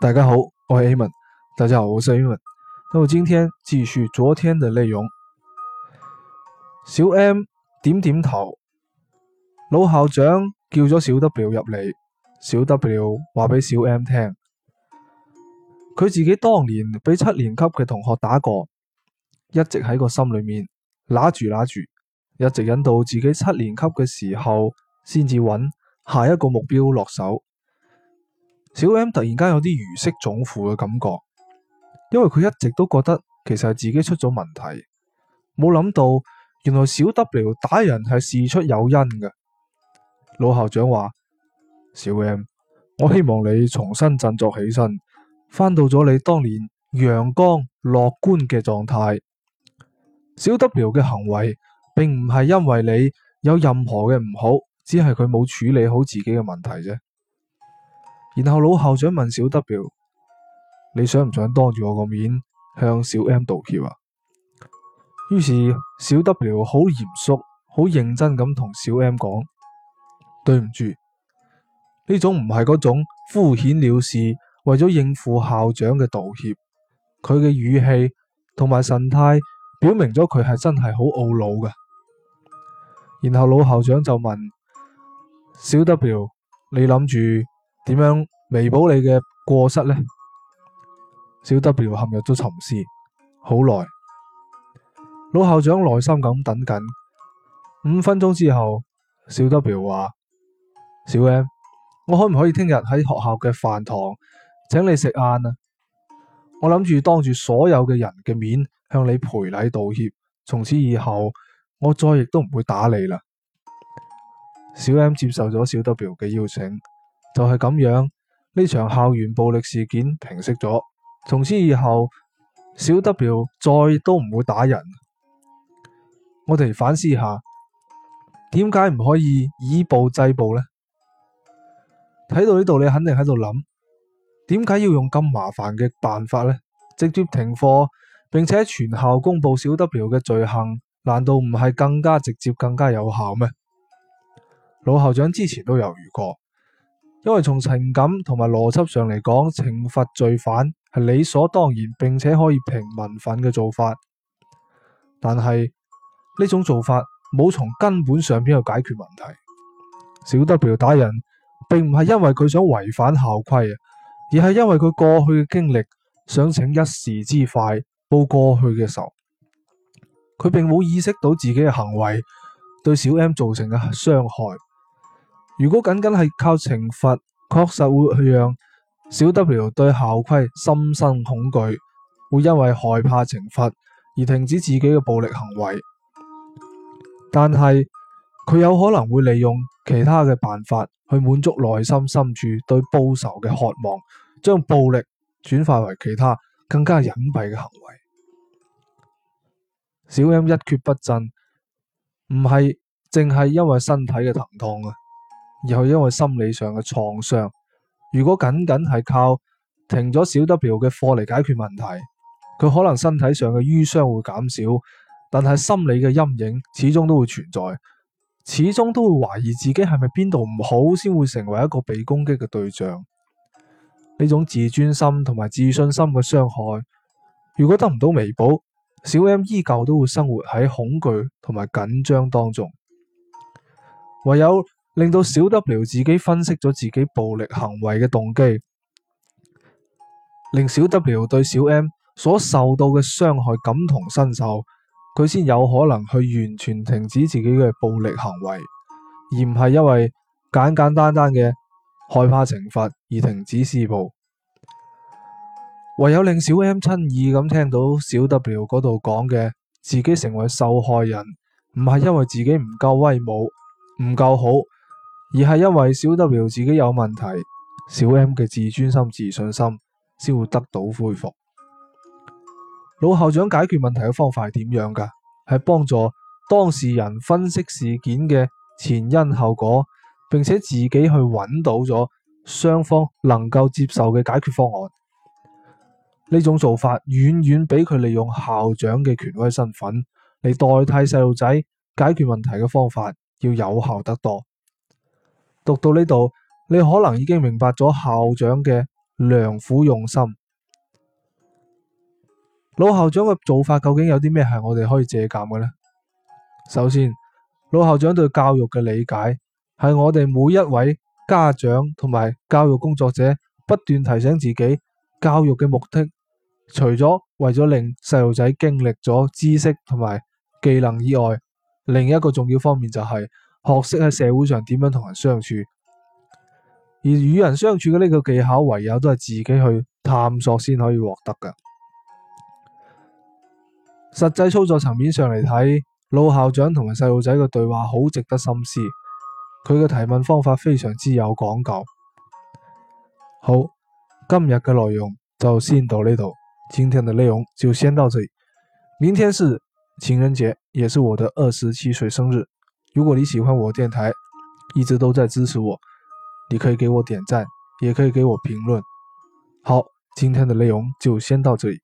大家好，我係 Evan。大家好，我係 Evan。咁今日繼續昨天的內容。小 M 點點頭，老校長叫咗小 W 入嚟。小 W 話俾小 M 聽，佢自己當年俾七年級嘅同學打過，一直喺個心裏面拉住拉住，一直忍到自己七年級嘅時候先至揾下一個目標落手。小 M 突然間有啲如釋重負嘅感覺，因為佢一直都覺得其實係自己出咗問題，冇諗到原來小 W 打人係事出有因嘅。老校長話：小 M，我希望你重新振作起身，翻到咗你當年陽光樂觀嘅狀態。小 W 嘅行為並唔係因為你有任何嘅唔好，只係佢冇處理好自己嘅問題啫。然後老校長問小 W：你想唔想當住我個面向小 M 道歉啊？於是小 W 好嚴肅、好認真咁同小 M 講：對唔住，呢種唔係嗰種敷衍了事，為咗應付校長嘅道歉。佢嘅語氣同埋神態表明咗佢係真係好懊老懊惱嘅。然後老校長就問小 W：你諗住點樣彌補你嘅過失呢？小 W 陷入咗沉思，好耐。老校長耐心咁等緊。五分鐘之後，小 W 話：小 M，我可唔可以聽日喺學校嘅飯堂請你食晏啊？我諗住當住所有嘅人嘅面向你賠禮道歉，從此以後我再亦都唔會打你啦。小 M 接受咗小 W 嘅邀請。就係咁樣，呢場校園暴力事件平息咗。從此以後，小 W 再都唔會打人。我哋反思下，點解唔可以以暴制暴呢？睇到呢度，你肯定喺度諗，點解要用咁麻煩嘅辦法呢？直接停課，並且全校公布小 W 嘅罪行，難道唔係更加直接、更加有效咩？老校長之前都猶豫過。因為從情感同埋邏輯上嚟講，懲罰罪犯係理所當然並且可以平民憤嘅做法。但係呢種做法冇從根本上邊去解決問題。小 W 打人，並唔係因為佢想違反校規，而係因為佢過去嘅經歷，想請一時之快，報過去嘅仇。佢並冇意識到自己嘅行為對小 M 造成嘅傷害。如果僅僅係靠懲罰，確實會讓小 W 對校規心生恐懼，會因為害怕懲罰而停止自己嘅暴力行為。但係佢有可能會利用其他嘅辦法去滿足內心深處對報仇嘅渴望，將暴力轉化為其他更加隱蔽嘅行為。小 M 一蹶不振，唔係淨係因為身體嘅疼痛啊！而係因為心理上嘅創傷，如果僅僅係靠停咗小 W 嘅課嚟解決問題，佢可能身體上嘅瘀傷會減少，但係心理嘅陰影始終都會存在，始終都會懷疑自己係咪邊度唔好先會成為一個被攻擊嘅對象。呢種自尊心同埋自信心嘅傷害，如果得唔到彌補，小 M 依舊都會生活喺恐懼同埋緊張當中。唯有，令到小 W 自己分析咗自己暴力行為嘅動機，令小 W 對小 M 所受到嘅傷害感同身受，佢先有可能去完全停止自己嘅暴力行為，而唔係因為簡簡單單嘅害怕懲罰而停止施暴。唯有令小 M 親耳咁聽到小 W 嗰度講嘅，自己成為受害人，唔係因為自己唔夠威武，唔夠好。而係因為小 W 自己有問題，小 M 嘅自尊心、自信心先會得到恢復。老校長解決問題嘅方法係點樣噶？係幫助當事人分析事件嘅前因後果，並且自己去揾到咗雙方能夠接受嘅解決方案。呢種做法遠遠比佢利用校長嘅權威身份嚟代替細路仔解決問題嘅方法要有效得多。讀到呢度，你可能已經明白咗校長嘅良苦用心。老校長嘅做法究竟有啲咩係我哋可以借鑒嘅呢？首先，老校長對教育嘅理解係我哋每一位家長同埋教育工作者不斷提醒自己，教育嘅目的除咗為咗令細路仔經歷咗知識同埋技能以外，另一個重要方面就係、是。學識喺社會上點樣同人相處，而與人相處嘅呢個技巧，唯有都係自己去探索先可以獲得嘅。實際操作層面上嚟睇，老校長同埋細路仔嘅對話好值得深思。佢嘅提問方法非常之有講究。好，今日嘅內容就先到呢度，今天嘅內容，就先到這裏。明天是情人節，也是我的二十七歲生日。如果你喜歡我電台，一直都在支持我，你可以給我點讚，也可以給我評論。好，今天的內容就先到這裏。